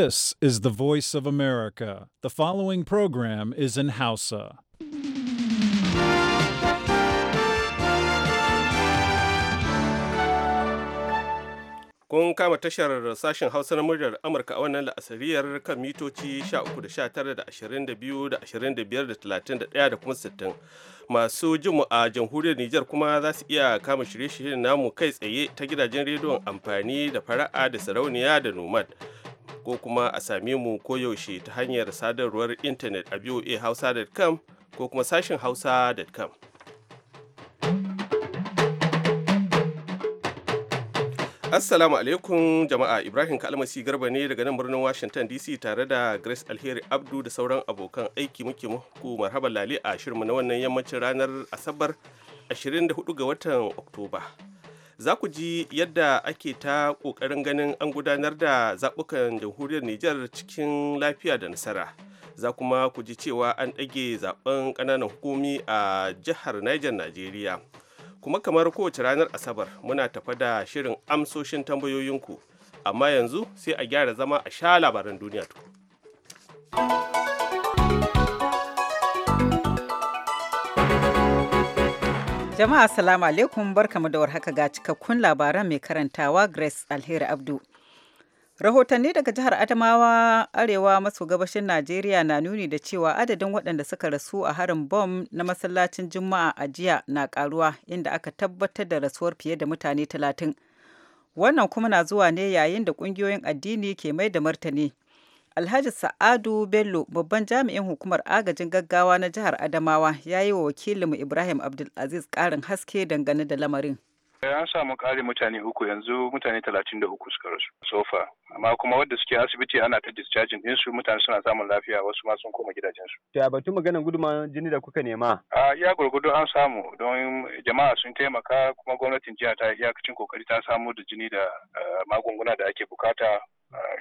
This is the voice of America. The following program is in Hausa. Kun kama tashar sashen Hausa na muryar Amurka a wannan la'asariyar kan mitoci 13 da 22 da 25 da 31 da kuma 60. Masu jimu a jamhuriyar Nijar kuma za su iya kama shirye-shiryen namu kai tsaye ta gidajen rediyon amfani da fara'a da sarauniya da nomad. ko kuma a same mu koyaushe ta hanyar sadarwar intanet a voahausa.com ko kuma sashin hausa.com. Assalamu alaikum jama'a Ibrahim Kalmasi Garba ne daga nan birnin Washington DC tare da Grace Alheri Abdu da sauran abokan aiki muke muku marhaban lali a shirinmu na wannan yammacin ranar Asabar 24 ga watan Oktoba. za ku ji yadda ake ta ƙoƙarin ganin an gudanar da zaɓukan jamhuriyar Nijar cikin lafiya da nasara. Za kuma ku ji cewa an ɗage zaɓen ƙananan hukumi a jihar Niger Najeriya. Kuma kamar kowace ranar Asabar muna tafa da shirin amsoshin tambayoyinku. Amma yanzu sai a gyara zama a sha labaran duniya tukun. Jama'a salamu alaikum barkamu da warhaka ga cikakkun labaran mai karantawa Grace Alheri Abdu. Rahotanni daga jihar Adamawa Arewa maso gabashin Najeriya na nuni da cewa adadin waɗanda suka rasu a harin bom na masallacin Juma'a a jiya na karuwa inda aka tabbatar da rasuwar fiye da mutane talatin. Wannan kuma na zuwa ne yayin da ƙungiyoyin addini ke mai da martani. Alhaji Sa'adu Bello babban jami'in hukumar agajin gaggawa na jihar Adamawa ya yi wa wakilinmu Ibrahim Abdulaziz ƙarin haske dangane da lamarin. Eh, an samu ƙarin mutane uku yanzu mutane talatin da uku suka rasu sofa amma kuma wadda suke asibiti ana ta discharging ɗinsu mutane suna samun lafiya wasu ma sun koma gidajensu. Da batun maganar gudunman jini da kuka nema? A iya gurgudu an samu don jama'a sun taimaka kuma gwamnatin jiya ta iyakacin kokari ta samu da jini da eh, magunguna da ake bukata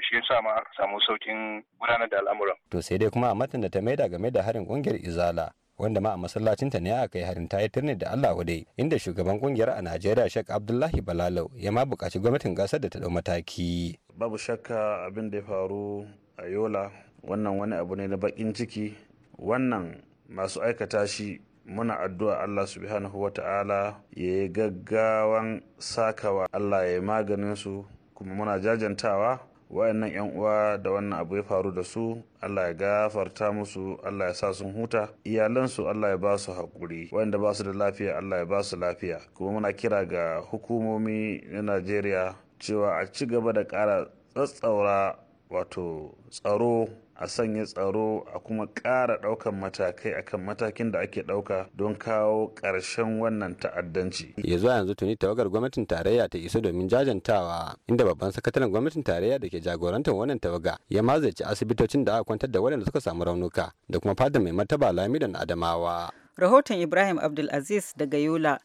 shi yasa ma samu saukin gudanar da al'amuran. To sai dai kuma a matan da ta maida game da harin kungiyar Izala wanda ma a masallacinta ne aka yi harin ta yi da Allah wadai inda shugaban kungiyar a Najeriya shek Abdullahi Balalau ya ma buƙaci gwamnatin ƙasar da ta ɗau mataki. Babu shakka abin da ya faru a Yola wannan wani abu ne na baƙin ciki wannan masu aikata shi muna addu'a Allah subhanahu wa ta'ala ya yi gaggawan sakawa Allah ya yi maganin su kuma muna jajantawa wayannan yan uwa da wannan abu ya faru da su Allah ya gafarta musu Allah ya sa sun huta iyalansu Allah ya ba su haƙuri wayanda ba su da lafiya Allah ya ba su lafiya kuma muna kira ga hukumomi na Najeriya cewa a ci gaba da ƙara tsatsaura wato tsaro a sanya tsaro a kuma ƙara ɗaukan matakai akan matakin da ake ɗauka don kawo ƙarshen wannan ta'addanci. ya zuwa yanzu tuni tawagar gwamnatin tarayya ta iso domin jajantawa inda babban sakataren gwamnatin tarayya da ke jagorantar wannan tawaga ya mazaici asibitocin da aka kwantar da waɗanda suka samu raunuka da kuma fadar mai martaba lamidan adamawa. rahoton ibrahim abdulaziz daga yola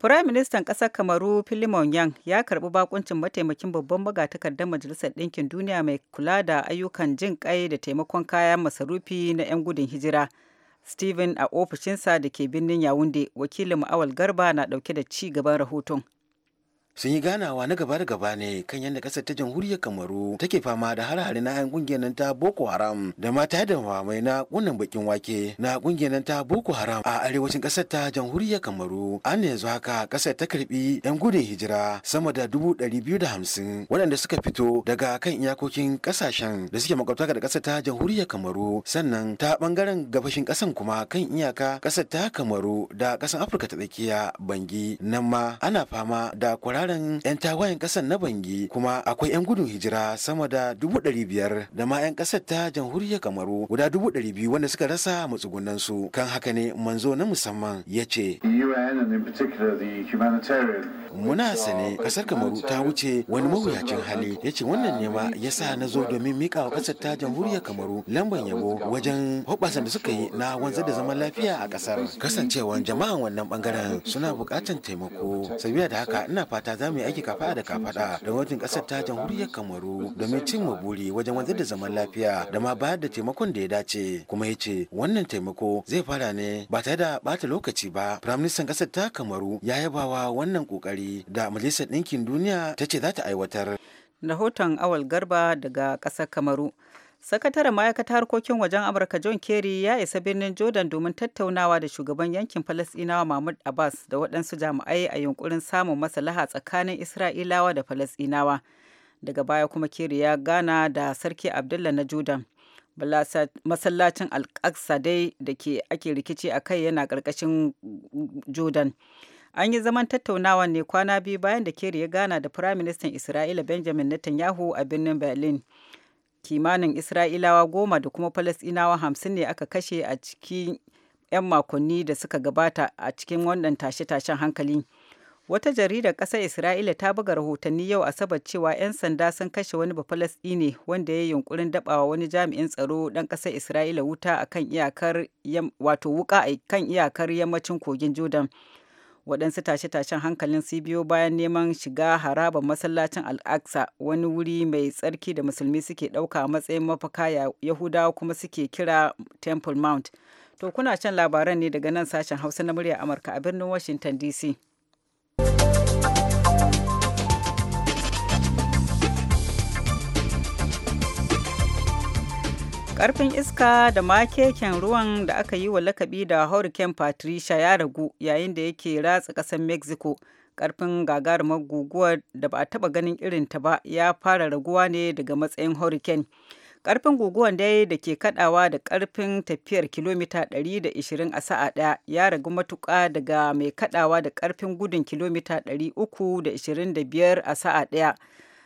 Firaministan ƙasar Kamaru Filimon Yang ya karɓi bakuncin mataimakin babban magatakardar Majalisar Ɗinkin Duniya mai kula da ayyukan jin ƙai da taimakon kayan masarufi na 'yan gudun hijira. Steven a ofishinsa da ke birnin Yawunde, wakilin Awal Garba na ɗauke da ci gaban rahoton. sun yi ganawa na gaba da gaba ne kan yadda kasar ta jamhuriyar kamaru take fama da har hare na 'yan kungiyar nan ta boko haram da mata da mamai na kunnan bakin wake na kungiyar nan ta boko haram a arewacin kasar ta jamhuriyar kamaru an yanzu haka kasar ta karbi 'yan gudun hijira sama da dubu ɗari biyu da hamsin waɗanda suka fito daga kan iyakokin kasashen da suke makwabta da kasar ta jamhuriyar kamaru sannan ta bangaren gabashin kasan kuma kan iyaka kasar ta kamaru da kasan afirka ta tsakiya bangi nan ma ana fama da kwarar tsarin 'yan tawayen kasar na bangi kuma akwai 'yan gudun hijira sama da dubu biyar da ma 'yan kasar ta jamhuriyar kamaru guda dubu biyu wanda suka rasa matsugunan su kan haka ne manzo na musamman ya ce muna sane kasar kamaru ta wuce wani mawuyacin hali ya ce wannan nema ya sa na zo domin miƙa wa kasar ta jamhuriyar kamaru lamban yabo wajen hoɓasan da suka yi na wanzar da zaman lafiya a kasar kasancewan jama'an wannan bangaren suna buƙatar taimako sabida da haka ina fata za mu yi aiki kafaɗa da kafaɗa da wajen ƙasar ta jamhuriyar kamaru domin cin ma buri wajen wanzar da zaman lafiya da ma bayar da taimakon da ya dace kuma ya ce wannan taimako zai fara ne ba tare da bata lokaci ba firaministan ƙasar ta kamaru ya yabawa wannan ƙoƙari da majalisar ɗinkin duniya ta ce za ta aiwatar rahoton awal garba daga ƙasar kamaru Sakataren ma'aikatar harkokin wajen Amurka John Kerry ya isa birnin Jordan domin tattaunawa da shugaban yankin Falasɗinawa Mahmud Abbas da waɗansu jami'ai a yunkurin samun maslaha tsakanin Isra'ilawa da Falasɗinawa. Daga baya kuma Kerry ya gana da Sarki Abdullah na Jordan. Masallacin Al-Aqsa dai da ke ake rikici a kai yana ƙarƙashin Jordan. An yi zaman tattaunawa ne kwana biyu bayan da Kerry ya gana da Firaministan Isra'ila Benjamin Netanyahu a birnin Berlin. kimanin isra'ilawa goma da kuma falasɗinawa hamsin ne aka kashe a cikin 'yan makonni da suka gabata a cikin wannan tashe-tashen hankali wata jaridar ƙasar isra'ila ta buga rahotanni yau asabar cewa 'yan sanda sun kashe wani bafalasɗine wanda ya yi yunkurin dabawa wani jami'in tsaro ɗan ƙasar isra'ila wuta a kan iyakar yammacin kogin jordan waɗansu tashe-tashen hankalin su biyo bayan neman shiga harabar masallacin al al'aqsa wani wuri mai tsarki da musulmi suke ɗauka a matsayin mafaka yahudawa kuma suke kira temple mount to kuna shan labaran ne daga nan sashen hausa na murya amurka a birnin washington dc Karfin iska da makeken ruwan da aka yi wa lakabi da Hurricane Patricia ya ragu yayin da yake ratsa ƙasar Mexico. Karfin gagarumar guguwar da ba a taɓa ganin ta ba ya fara raguwa ne daga matsayin Hurricane. Karfin guguwar dai da ke kadawa da karfin tafiyar kilomita 120 a sa'a ɗaya ya ragu matuƙa daga mai kadawa da karfin gudun kilomita 325 a sa'a ɗaya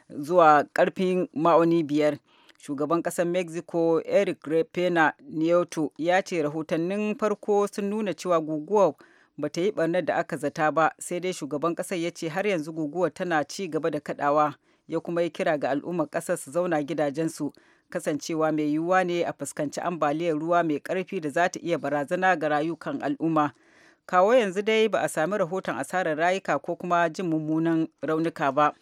zuwa karfin ma'auni biyar. shugaban ƙasar mexico eric repena nieto ya ce rahotannin farko sun nuna cewa guguwar ba ta yi barnar da aka zata ba sai dai shugaban ƙasar ya ce har yanzu guguwar tana ci gaba da kaɗawa ya kuma yi kira ga al'ummar ƙasar su zauna gidajensu kasancewa mai yiwuwa ne a fuskanci ambaliyar ruwa mai ƙarfi da za ta iya barazana ga rayukan al'umma kawo yanzu dai ba a sami rahoton asarar rayuka ko kuma jin mummunan raunuka ba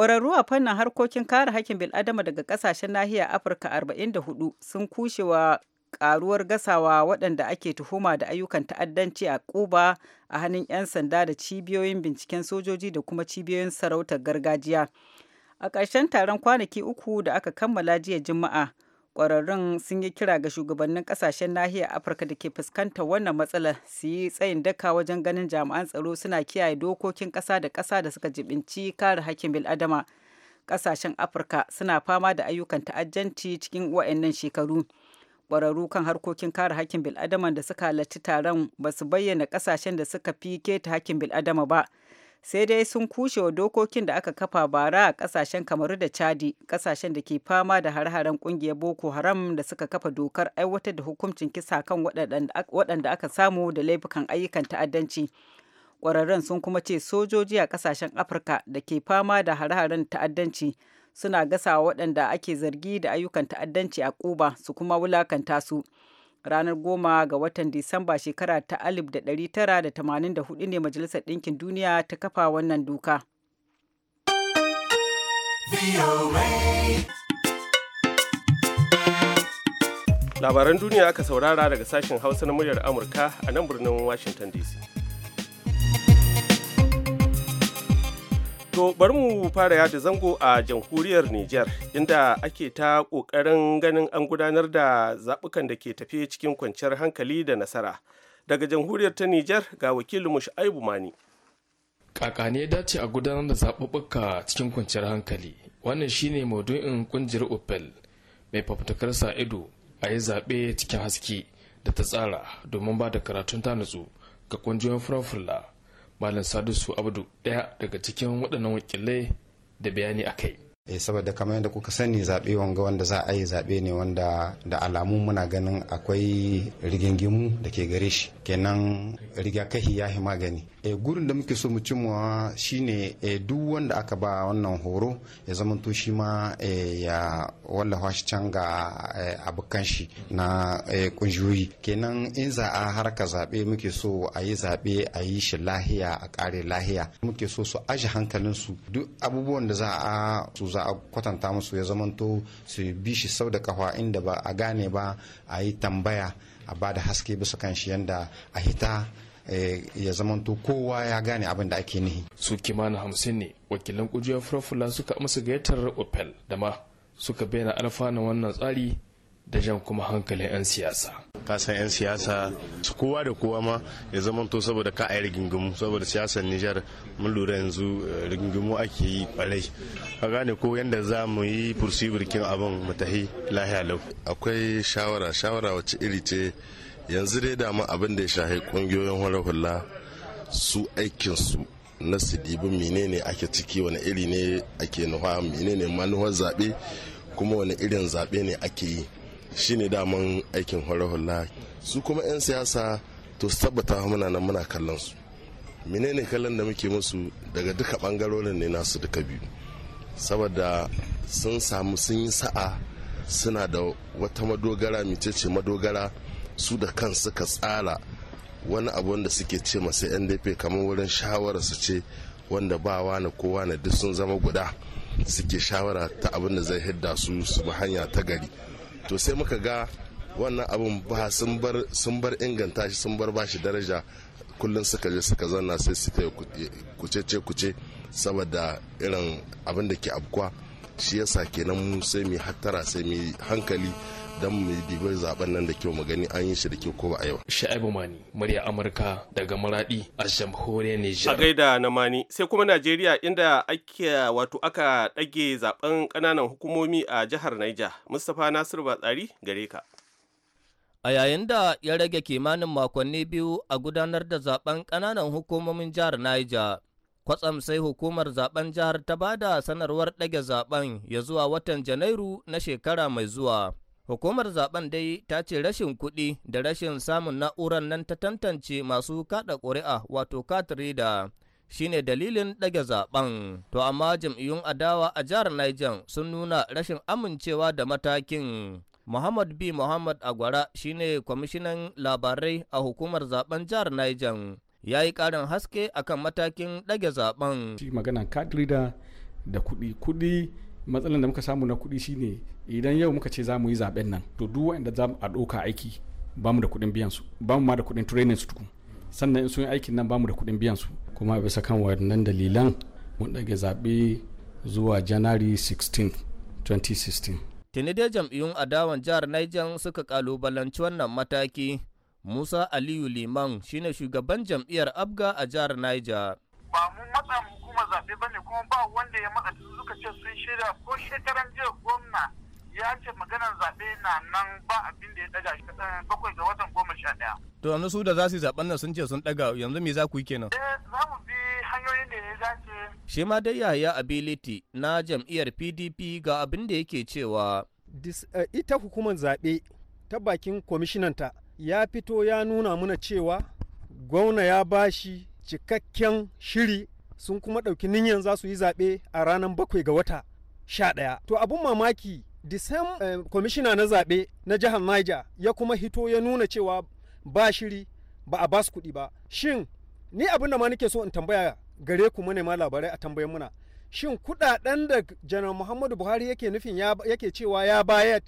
Kwararru a fannin harkokin kare hakkin bil'adama daga ƙasashen nahiyar Afirka 44 sun kushe wa ƙaruwar gasawa waɗanda ake tuhuma da ayyukan ta'addanci a ƙuba a hannun 'yan sanda da cibiyoyin binciken sojoji da kuma cibiyoyin sarautar gargajiya. A ƙarshen taron kwanaki uku da aka kammala jiya Juma'a, kwararrun sun yi kira ga shugabannin kasashen nahiyar afirka da ke fuskantar wannan matsalar su yi tsayin daka wajen ganin jami'an tsaro suna kiyaye dokokin kasa da kasa da suka jibinci kare hakkin bil'adama kasashen afirka suna fama da ayyukan ta'ajjanci cikin wa'annan shekaru kwararru kan harkokin kare hakkin bil'adama da suka halarci taron ba su bayyana kasashen da suka fi keta hakkin bil'adama ba sai dai sun kushe wa dokokin da aka kafa bara a kasashen kamaru da chadi kasashen da ke fama da har-haren kungiyar boko haram da suka kafa dokar aiwatar da hukuncin kisa kan waɗanda aka samu da laifukan ayyukan ta'addanci ƙwararren sun kuma ce sojoji a kasashen afirka da ke fama da har-haren ta'addanci suna gasa waɗanda ake zargi da ayyukan ta'addanci a kuba su kuma wulakanta su ranar goma ga watan disamba shekara ta 1984 ne majalisar ɗinkin duniya ta kafa wannan doka. labaran duniya aka saurara daga sashen hausa na muryar amurka a nan birnin washington dc To bari mu fara yada zango a jamhuriyar Nijar inda ake ta ƙoƙarin ganin an gudanar da zaɓukan da ke tafiye cikin kwanciyar hankali da nasara. Daga jamhuriyar ta Nijar ga wakilinmu Shu'aibu Mani. Kakane dace a gudanar da zaɓuɓɓuka cikin kwanciyar hankali. Wannan shine maudu'in kungiyar Opel mai fafutukar sa ido a yi zaɓe cikin haske da ta tsara domin ba da karatun ta nutsu ga kungiyoyin furen malam sadisu abdu daya daga cikin waɗannan wakilai da bayani a kai Eh, saboda kamar yadda kuka sani zaɓe wanga wanda za a yi zaɓe ne wanda da alamu muna ganin akwai rigingimu da ke gare shi kenan rigakahi ya yi magani e, gurin da muke so mu cimma shine e, duk wanda aka ba wannan horo ya to shi ma ya wallafa shi can ga abokan shi na kungiyoyi kenan in za a harka zaɓe muke so a yi zaɓe a yi shi lahiya a ƙare lahiya muke so su aji su duk abubuwan da za a su za a kwatanta musu ya zamanto su bi shi sau da kafa inda ba a gane ba a yi tambaya a ba da haske bisa kan shi yanda a hita eh, ya zamanto kowa ya gane abin da ake nihi. su kimanin hamsin ne wakilan kujiyar furafula suka amsa gayyatar opel da ma suka bayyana alfanun wannan tsari da jan kuma hankalin 'yan siyasa. kasan 'yan siyasa su kowa da kowa ma ya zamanto saboda ka yi rigingimu saboda siyasar nijar mun lura yanzu eh, rigingimu ake yi kwarai ka gane ko yadda za mu yi fursi birkin abin mu tahi lahiya lau akwai shawara shawara wacce iri ce yanzu dai da ma abin da ya shahi kungiyoyin hula su aikinsu na su menene ake ciki wani iri ne ake nufa menene manuwar zaɓe kuma wani irin zaɓe ne ake yi shine daman aikin hula su kuma 'yan siyasa to su tabbata muna nan muna kallon su menene kallon da muke musu daga duka bangarorin ne nasu duka biyu saboda sun samu sun yi sa'a suna da wata madogara micece madogara su da kan suka tsara wani abu wanda suke ce masu ndp kamar wurin shawara su ce wanda ba wani kowa na duk sun zama guda suke shawara ta abin da zai hidda su su hanya ta gari to sai muka ga wannan abin ba sun bar inganta shi sun bar bashi daraja kullum suka je suka zanna sai suka yi kuce-kuce saboda irin abin da ke abkuwa shi yasa kenan mu sai mu hattara sai mu hankali don mu dibi zaben nan da kyau mu gani an yi shi da kyau ko ba a yau. Sha'ibu Mani, murya Amurka daga Maradi a jamhuriyar niger A gaida na Mani, sai kuma Najeriya inda ake wato aka ɗage zaben kananan hukumomi a jihar Naija. Mustapha Nasiru Batsari gare ka. A yayin da ya rage kimanin makonni biyu a gudanar da zaben ƙananan hukumomin jihar Niger, Kwatsam sai hukumar zaben jihar ta ba da sanarwar ɗage zaben ya zuwa watan Janairu na shekara mai zuwa. Hukumar zaben dai ta ce rashin kuɗi da rashin samun na'urar nan ta tantance masu kaɗa ƙuri'a wato katrida shine dalilin ɗage zaben. To amma jam'iyyun adawa a jihar Niger sun nuna rashin amincewa da matakin. Muhammad B. Muhammad Agwara shine kwamishinan labarai a hukumar zaben jihar Niger. ya yi karin haske akan matakin ɗage zaben. Shi maganan card da kuɗi kuɗi matsalan da muka samu na kuɗi shine idan yau muka ce za mu yi zaben nan to duk wanda za mu a ɗauka aiki ba mu da kuɗin biyan su ba mu ma da kuɗin training su tukun sannan in sun yi aikin nan ba mu da kuɗin biyan su kuma bisa kan waɗannan dalilan mun ɗage zaɓe zuwa january 16 2016 tuni dai jam'iyyun adawan jihar niger suka kalubalanci wannan mataki Musa Aliyu Liman shine shugaban jam'iyyar Abga a jihar Niger. Ba mu matsa mu kuma zaɓe ba ne kuma ba wanda ya matsa su suka ce sun shirya ko shekaran jiya gwamna ya ce maganar zaɓe na nan ba abin da ya ɗaga shi eh, bakwai ga watan goma sha ɗaya. To yanzu su da za su yi zaɓen nan sun ce sun ɗaga yanzu me za ku yi kenan? Eh za mu bi hanyoyin da ya dace. Shi ma dai yaya ability na jam'iyyar PDP ga abin da yake cewa. Eh, ita hukumar zaɓe ta bakin kwamishinanta ya fito ya nuna mana cewa gwamna ya bashi cikakken shiri sun kuma ɗauki niyan za su yi zaɓe a ranar bakwai ga wata sha ɗaya. To abin mamaki disam uh, eh, commissioner na zaɓe na jihar Niger ya kuma hito ya nuna cewa ba shiri ba a basu kuɗi ba. Shin ni abin da ma nake so in tambaya gare ku ma labarai a tambayin muna. Shin kuɗaɗen da janar Muhammadu Buhari yake nufin yake cewa ya bayar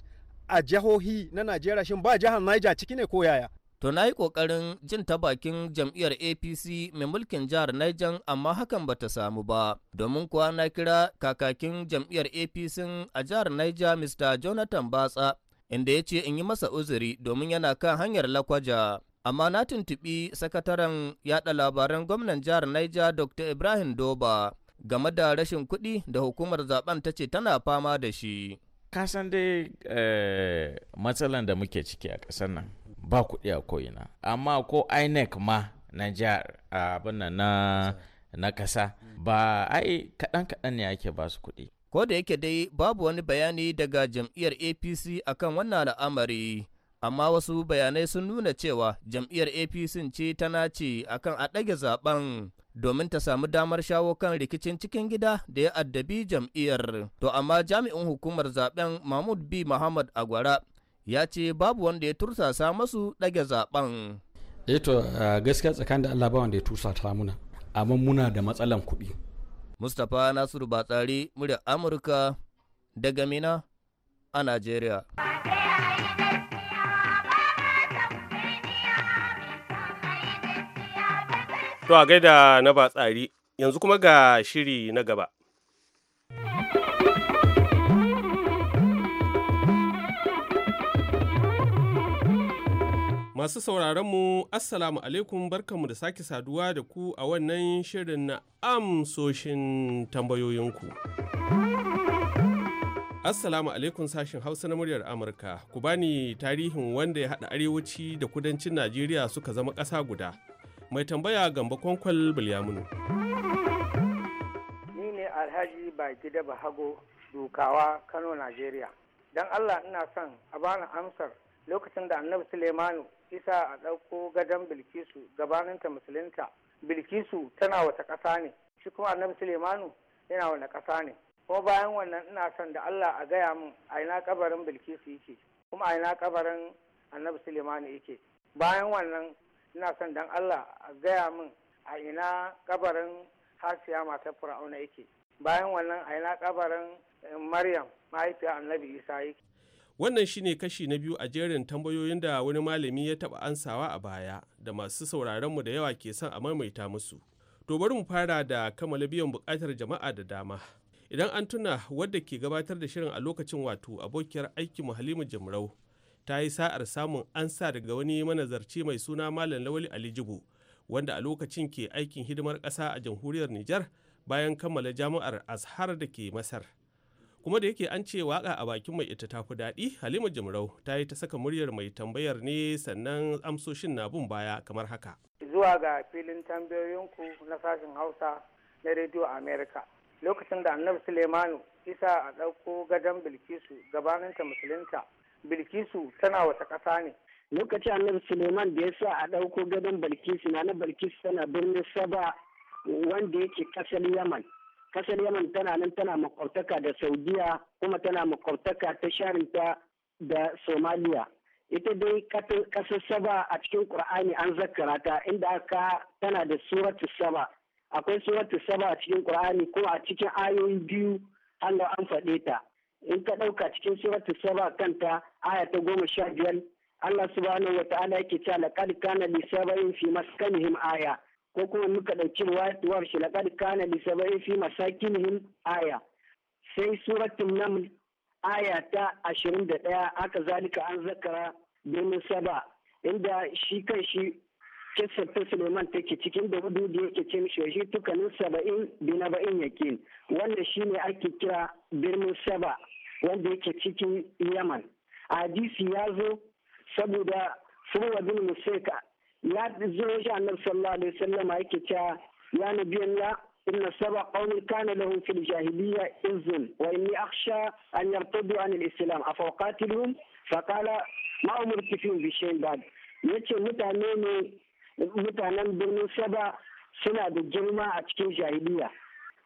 a jihohi na Najeriya shin ba jihar Niger ciki ne ko yaya? To na yi ƙoƙarin jin ta bakin jam'iyyar APC mai mulkin jihar Niger amma hakan bata samu ba. Domin kuwa na kira kakakin jam'iyyar APC a jihar Niger Mr. Jonathan Batsa inda ya ce in yi masa uzuri domin yana kan hanyar lakwaja. Amma na tuntuɓi sakataren yaɗa labaran gwamnan jihar Niger Dr. Ibrahim Doba game da rashin kuɗi da hukumar zaben ta ce tana fama da shi. kasan dai eh, matsalan da muke ciki a ƙasar nan ba kuɗi a ko'ina amma ko inec ma na jihar abin nan na ƙasa ba ai kaɗan-kaɗan ne ake ba su kuɗi ko da yake dai babu wani bayani daga jam'iyyar apc akan wannan al'amari amma wasu bayanai sun nuna cewa jam'iyyar apc ce ta nace akan a ɗage zaben domin ta samu damar shawo kan rikicin cikin gida da ya addabi jam'iyyar to amma jami'in hukumar zaben mahmud b muhammad agwara ya ce babu wanda ya tursasa masu ɗage zaben eto eh gaskiya tsakanin da allah ba wanda ya tursasa muna amma muna da matsalan kuɗi mustapha nasiru batsari murya amurka daga mina a najeriya To a gaida na ba tsari yanzu kuma ga shiri na gaba. Masu sauraronmu, Assalamu alaikum barkanmu da sake saduwa da ku a wannan shirin na amsoshin tambayoyinku. Assalamu alaikum sashin Hausa na muryar Amurka, ku bani tarihin wanda ya haɗa arewaci da kudancin Najeriya suka zama ƙasa guda. mai tambaya gamba kwankwal bilyamunu ni ne alhaji baki da bahago dukawa kano najeriya don allah ina son a bani amsar lokacin da annabi sulemanu isa a ɗauko gadon bilkisu gabaninta musulunta bilkisu tana wata ƙasa ne shi kuma annabi sulemanu yana wani ƙasa ne kuma bayan wannan ina son da allah a gaya min a ina kabarin bilkisu yake kuma a ina kabarin annabi sulemanu yake bayan wannan ina son dan Allah a gaya min a ina kabarin hasiya matar fir'auna yake bayan wannan a ina kabarin eh, maryam mahaifiyar annabi isa yake wannan shine kashi na biyu a jerin tambayoyin da wani malami ya taba ansawa a baya da masu sauraron mu da yawa ke son a maimaita musu to bari mu fara da kammala biyan bukatar jama'a da dama idan an tuna wadda ke gabatar da shirin a lokacin wato abokiyar aikinmu halima jimrau ta yi sa'ar samun ansa daga wani manazarci mai suna malam lawali ali jibu wanda a lokacin ke aikin hidimar ƙasa a jamhuriyar nijar bayan kammala jami'ar azhar da ke masar kuma da yake an ce waka a bakin mai ita tafi daɗi halima jimrau ta yi ta saka muryar mai tambayar ne sannan amsoshin na bin baya kamar haka zuwa ga filin tambayoyinku na sashen hausa na rediyo america lokacin da annabi suleimanu isa a ɗauko gadon bilkisu gabaninta musulunta bilkisu tana wata ƙasa ne lokacin annabi suleiman da ya sa a ɗauko gadon Bilkisu, na na bilkisu tana birnin saba wanda yake ƙasar yaman ƙasar yaman tana nan tana makwabtaka da saudiya kuma tana makwabtaka ta sharinta da somaliya ita dai ƙasar saba a cikin ƙur'ani an zakara ta inda aka tana da suratu saba akwai suratu saba a cikin ƙur'ani kuma a cikin ayoyi biyu allah an faɗe ta in ka ɗauka cikin suratul saba kanta aya ta goma sha biyar Allah subhanahu wa ta'ala yake cewa laqad kana li sabain fi maskanihim aya ko kuma muka ɗauki ruwayar shi laqad kana li sabain fi masakinihim aya sai suratul naml aya ta ashirin da ɗaya aka zalika an zakara birnin saba inda shi kan shi kisar ta suleiman take cikin da hudu da yake ce mishi shi tukanin saba'in bi na ba'in yakin wanda shi ne ake kira birnin saba wanda yake cikin yaman hadisi ya zo saboda furwa bin musaika ya zo shi annabi sallallahu alaihi wasallam yake cewa ya nabi allah inna nabiyallah إن سبع قوم كان لهم في الجاهلية إذن وإني أخشى أن يرتدوا عن الإسلام أفوقاتلهم فقال ما أمرت فيهم shay'in ba'd yace mutane ne mutanen birnin saba suna da girma a cikin jahiliya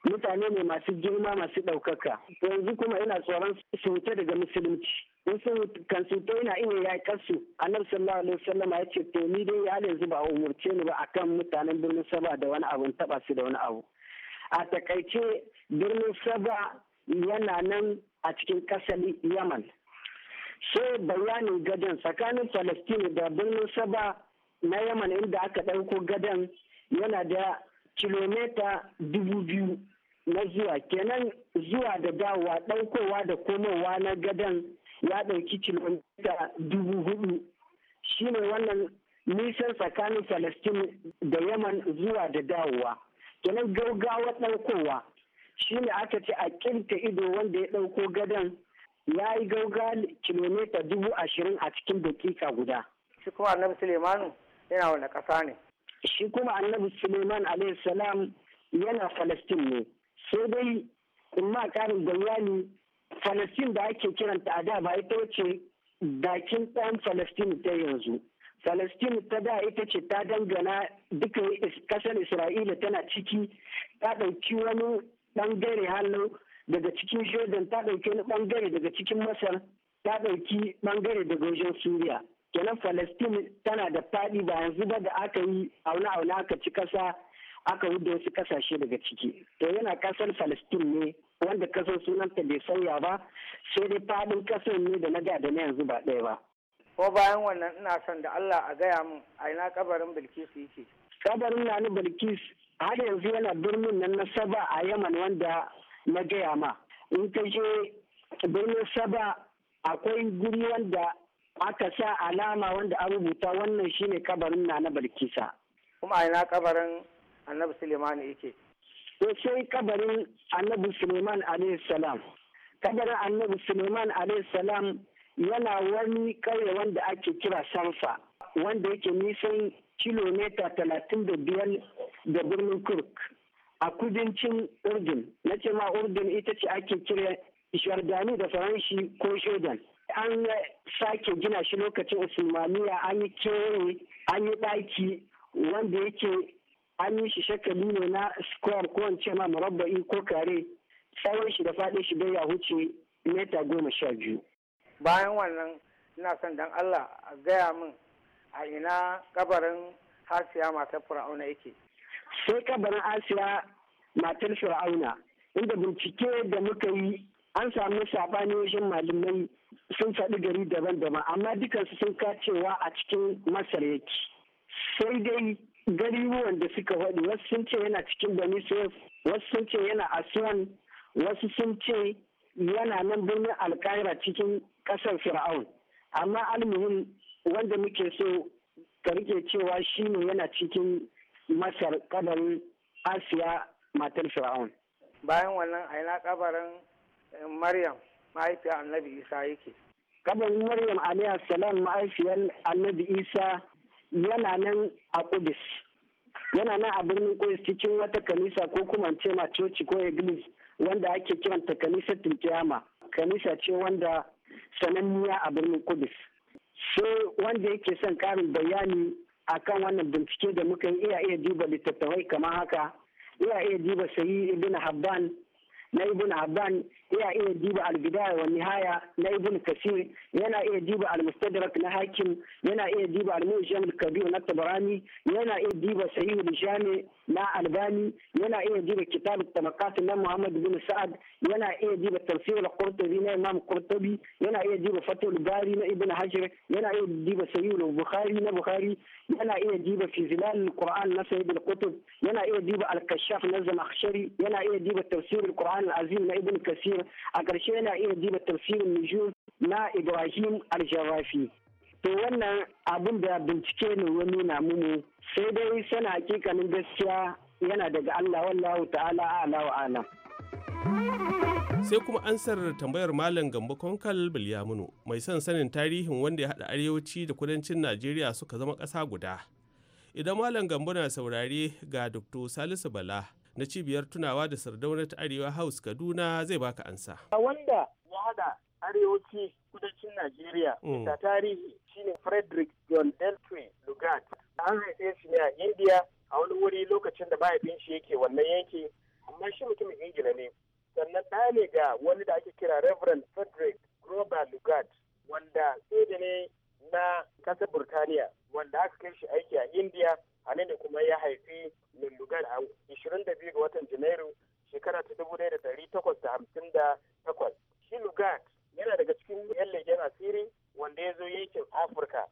mutane ne masu girma masu ɗaukaka yanzu kuma ina tsoron su wuce daga musulunci wasu kan su to ina iya ya kasu annabi sallallahu alaihi wasallam ya ce to ni dai yalin yanzu a umurce ni ba akan mutanen birnin saba da wani abu taba su da wani abu a takaice birnin saba yana nan a cikin kasali yaman sai bayanin gadon tsakanin palestine da birnin saba na yaman inda aka ɗauko gadon yana da kilomita dubu biyu na zuwa kenan zuwa da dawowa ɗaukowa da komowa na gadon ya ɗauki kilomita dubu hudu shine wannan nisan tsakanin Falastin da Yaman zuwa da dawowa. Kenan gaugawa ɗaukowa shi ne aka ce a kinta ido wanda ya ɗauko gadon ya yi gauga kilomita dubu ashirin a cikin dakika guda. Shi kuma Annabi Suleimanu yana wani ƙasa ne? shi kuma annabi suleiman salam yana falastin ne sai dai in ma karin bayani falastin da ake kiranta a da ba ita wace bakin ɗan falastin ta yanzu falastin ta da ita ce ta dangana duka kasar isra'ila tana ciki ta ɗauki wani ɓangare hannu daga cikin jordan ta ɗauki wani ɓangare daga cikin masar ta ɗauki ɓangare daga wajen suriya kenan Falastin tana da faɗi ba yanzu ba da aka yi auna auna aka ci kasa aka wuce wasu kasashe daga ciki to yana kasar Falastin ne wanda kasar sunanta bai sauya ba sai dai faɗin kasar ne da na ga da na yanzu ba ɗaya ba ko bayan wannan ina son da Allah a gaya min a ina kabarin Bilkisu yake kabarin na ni Bilkis har yanzu yana birnin nan na Saba a Yaman wanda na gaya ma in ka je birnin Saba akwai guri wanda aka sa alama wanda an rubuta wannan shine kabarin na na Balkisa. Kuma a ina kabarin Annabi Suleiman yake? To sai kabarin Annabi Suleiman alayhi salam. Kabarin Annabi Suleiman alayhi salam yana wani ƙauye wanda ake kira Sanfa wanda yake nisan kilomita talatin da biyar da birnin Kurk a kudancin Urdun. Na ce ma Urdun ita ce ake kira Shardani da Faranshi ko Shodan. an sake gina shi lokacin usmaniya an yi kewaye an yi ɗaki wanda yake an yi shi shakali ne na square ko wance ma murabba'i ko kare tsawon shi da faɗin shi bai ya huce mita goma sha biyu. bayan wannan ina son dan allah a gaya min a ina kabarin hasiya matar fir'auna yake. sai kabarin asiya matar fir'auna inda bincike da muka yi an samu saɓani wajen malamai sun faɗi gari daban-daban amma dukansu sun kacewa a cikin masar yake sai dai garibuwan da suka faɗi wasu sun ce yana cikin damascus wasu sun ce yana aswan wasu sun ce yana nan birnin alkaira cikin ƙasar fir'aun amma almuhim wanda muke so ka rike cewa shi ne yana cikin masar kabarin asiya matar fir'aun bayan wannan aina kabarin eh, maryam mahaifiyar annabi isa yake kabarin maryam alayhi salam mahaifiyar annabi isa yana nan a kudus yana nan a birnin kudus cikin wata kanisa ko kuma ce ma coci ko iglis wanda ake kiranta kanisa tilkiyama kanisa ce wanda sananniya a birnin kudus sai wanda yake son karin bayani akan wannan bincike da muka yi iya iya duba littattafai kamar haka iya iya duba sayi ibn habban na ibn habban يا إيه ديبو على البداية والنهاية لابن كثير ينا إيه ديبو على المستدرك نهاكم ينا إيه ديبو على موجام الكبير نتبراني ينا إيه ديبو سيد الجامع مع ألباني ينا إيه ديبو كتاب الطبقات نام محمد بن سعد ينا إيه ديبو التفسير القرطبي نام نام ينا إيه ديبو فتح الباري نام ابن ينا إيه ديبو سيد البخاري نام بخاري ينا إيه ديبو في زلال القرآن نفسه ابن القطب ينا إيه ديبو الكشاف نزل أخشري ينا إيه ديبو التفسير القرآن العظيم نام كثير tafsir a ƙarshe yana iya jiba tafsirin nujum na ibrahim al to wannan abin da bincike ne ya nuna sai dai sana hakikanin gaskiya yana daga allah wallahu ta'ala ala wa ala sai kuma ansar tambayar malam gambo konkal bilyamunu mai son sanin tarihin wanda ya haɗa arewaci da kudancin najeriya suka zama ƙasa guda idan malam gambo na saurare ga dr salisu bala na cibiyar tunawa da sardauna ta arewa house kaduna zai baka ansa wanda ya hada arewaci kudancin najeriya da mm. tarihi shine frederick john eltway lugard an haife shi ne a india a wani wuri lokacin da mahaifin shi yake wannan yanki amma shi mutumin ingila ne sannan ɗaya ne ga wani da ake kira reverend frederick grover lugard wanda sai ne na ƙasar burtaniya wanda aka kai shi aiki a india a nan ne kuma ya haifi lullugar a 22 ga watan janairu shekara ta 1858 shi lugat yana daga cikin yan legen asiri wanda ya zo yankin afirka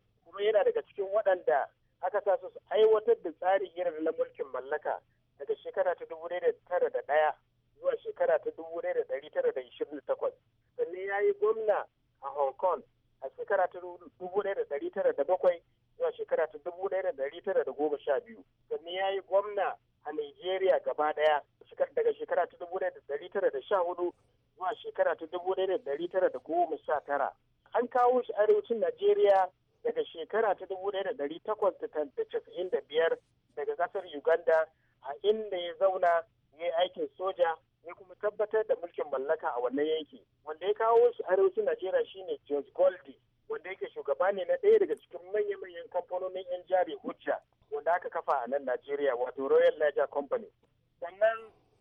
kamfani sannan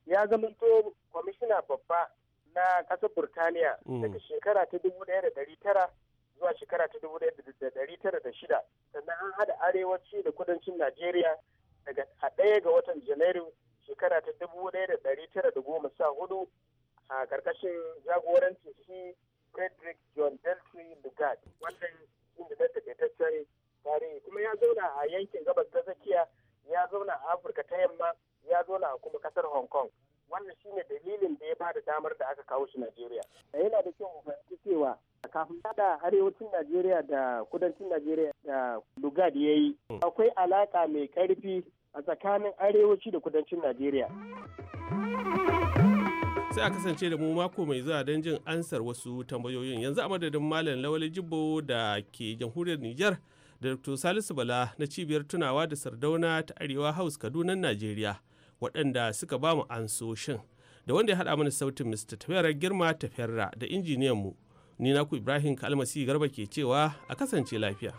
ya zamanto kwamishina babba na ƙasar burtaniya mm. daga shekara ta dubu ɗaya da ɗari tara zuwa shekara ta dubu ɗaya da ɗari tara da shida sannan an haɗa arewaci da kudancin najeriya daga a ɗaya ga watan janairu shekara ta dubu ɗaya da ɗari tara da goma sha hudu a ƙarƙashin jagorancin shi frederick john deltry lugard wannan inda da takaitaccen tarihi kuma ya zauna a yankin gabas ta tsakiya ya zauna a afirka ta yamma ya zo na kuma kasar hong kong wannan shine dalilin da ya bada damar da aka kawo shi najeriya yana da kyau a fahimci cewa kafin da arewacin najeriya da kudancin najeriya da lugad ya yi akwai alaka mai karfi a tsakanin arewaci da kudancin najeriya sai a kasance da mu mako mai zuwa don jin ansar wasu tambayoyin yanzu a madadin malam lawali jibbo da ke jamhuriyar niger da dr salisu bala na cibiyar tunawa da sardauna ta arewa house kaduna nigeria. waɗanda suka ba mu ansoshin da wanda ya haɗa mana sautin Mr. Tafiyar Girma Tafiyarra da injiniyanmu. Ni ku Ibrahim Kalmasi Garba ke cewa a kasance lafiya.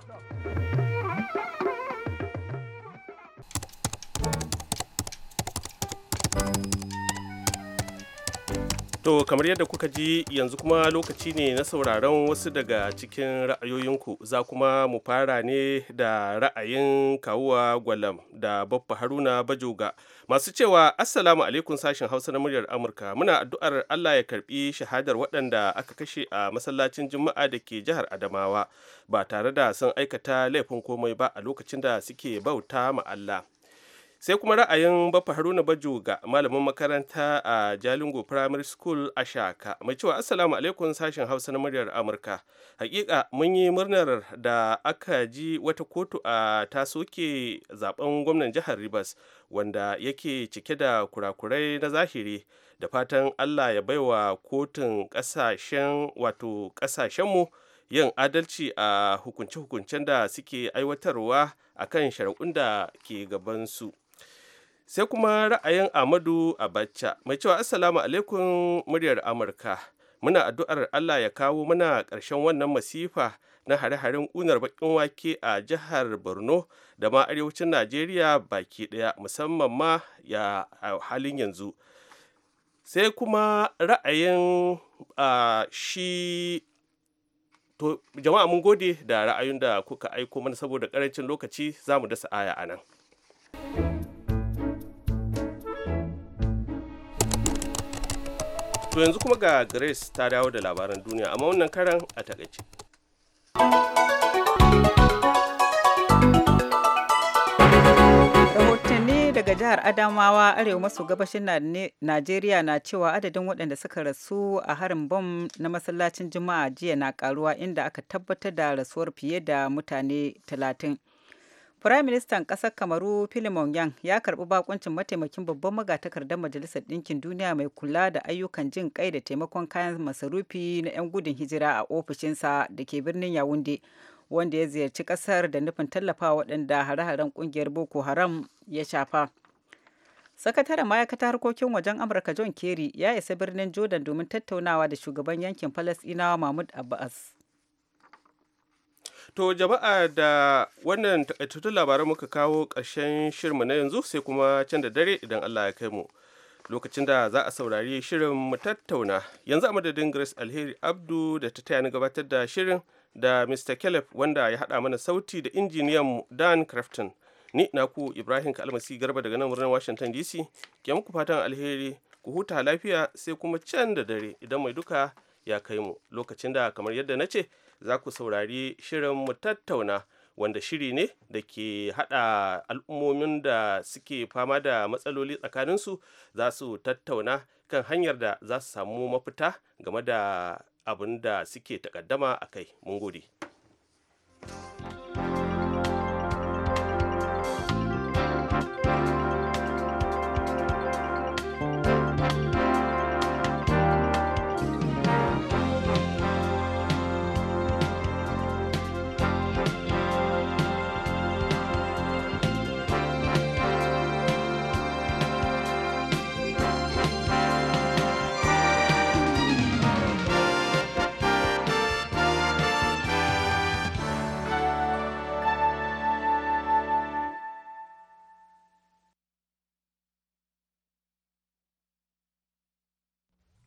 To kamar yadda kuka ji yanzu kuma lokaci ne na sauraron wasu daga cikin ra'ayoyinku za kuma mu fara ne da ra'ayin kawuwa gwalam da babba haruna bajoga masu cewa assalamu alaikum sashen hausa na muryar amurka muna addu'ar allah ya karbi shahadar waɗanda aka kashe a masallacin juma'a da ke jihar adamawa ba tare da sun aikata laifin komai ba a lokacin da suke bauta ma allah sai kuma ra'ayin bafa haruna bajo ga malamin makaranta a jalingo primary school a shaka mai cewa assalamu alaikum sashen hausa na muryar amurka hakika mun yi murnar da aka ji wata kotu a ta soke zaben gwamnan jihar rivers wanda yake cike da kurakurai na zahiri da fatan allah ya baiwa kotun kasashen wato kasashenmu yin adalci a hukunce-hukuncen da suke aiwatarwa a kan shari'un da ke gabansu. sai kuma ra'ayin amadu abacha mai cewa assalamu alaikum muryar amurka muna addu'ar allah ya kawo mana ƙarshen wannan masifa na hare-haren unar baƙin wake a jihar borno da ma arewacin najeriya baki ɗaya musamman ma ya halin yanzu sai kuma ra'ayin shi to jama'a mun gode da ra'ayin da kuka aiko mana saboda karancin lokaci za mu dasa aya a nan. To yanzu kuma ga Grace ta dawo da labaran duniya amma wannan karan a takaice. Rahotanni daga jihar Adamawa arewa maso gabashin Najeriya na cewa adadin waɗanda suka rasu a harin bom na masallacin Juma'a jiya na karuwa inda aka tabbatar da rasuwar fiye da mutane talatin. Firaministan ƙasar Kamaru Filimon Yang ya karɓi bakuncin mataimakin babban magatakardar Majalisar Ɗinkin Duniya mai kula da ayyukan jin kai da taimakon kayan masarufi na 'yan gudun hijira a ofishinsa da ke birnin Yawunde, wanda ya ziyarci ƙasar da nufin tallafa waɗanda hare-haren ƙungiyar Boko Haram ya shafa. Sakataren ma'aikatar harkokin wajen Amurka John Kerry ya isa birnin Jordan domin tattaunawa da shugaban yankin Falasɗinawa Mahmud Abbas. To jama'a da wannan takaitattun labaran muka kawo ƙarshen shirinmu na yanzu sai kuma can da dare idan Allah ya kai mu. Lokacin da za a saurari shirin mu tattauna yanzu a madadin Grace Alheri Abdu da ta taya ni gabatar da shirin da Mr. Caleb wanda ya haɗa mana sauti da injiniyan Dan Crafton. Ni naku Ibrahim Kalmasi Garba daga nan wurin Washington DC ke muku fatan alheri ku huta lafiya sai kuma can da dare idan mai duka ya kai mu lokacin da kamar yadda na ce za ku saurari shirin mu tattauna wanda shiri ne da ke hada al'ummomin da suke fama da matsaloli tsakaninsu za su tattauna kan hanyar da za su samu mafita game da abin da suke takaddama a kai mun gode.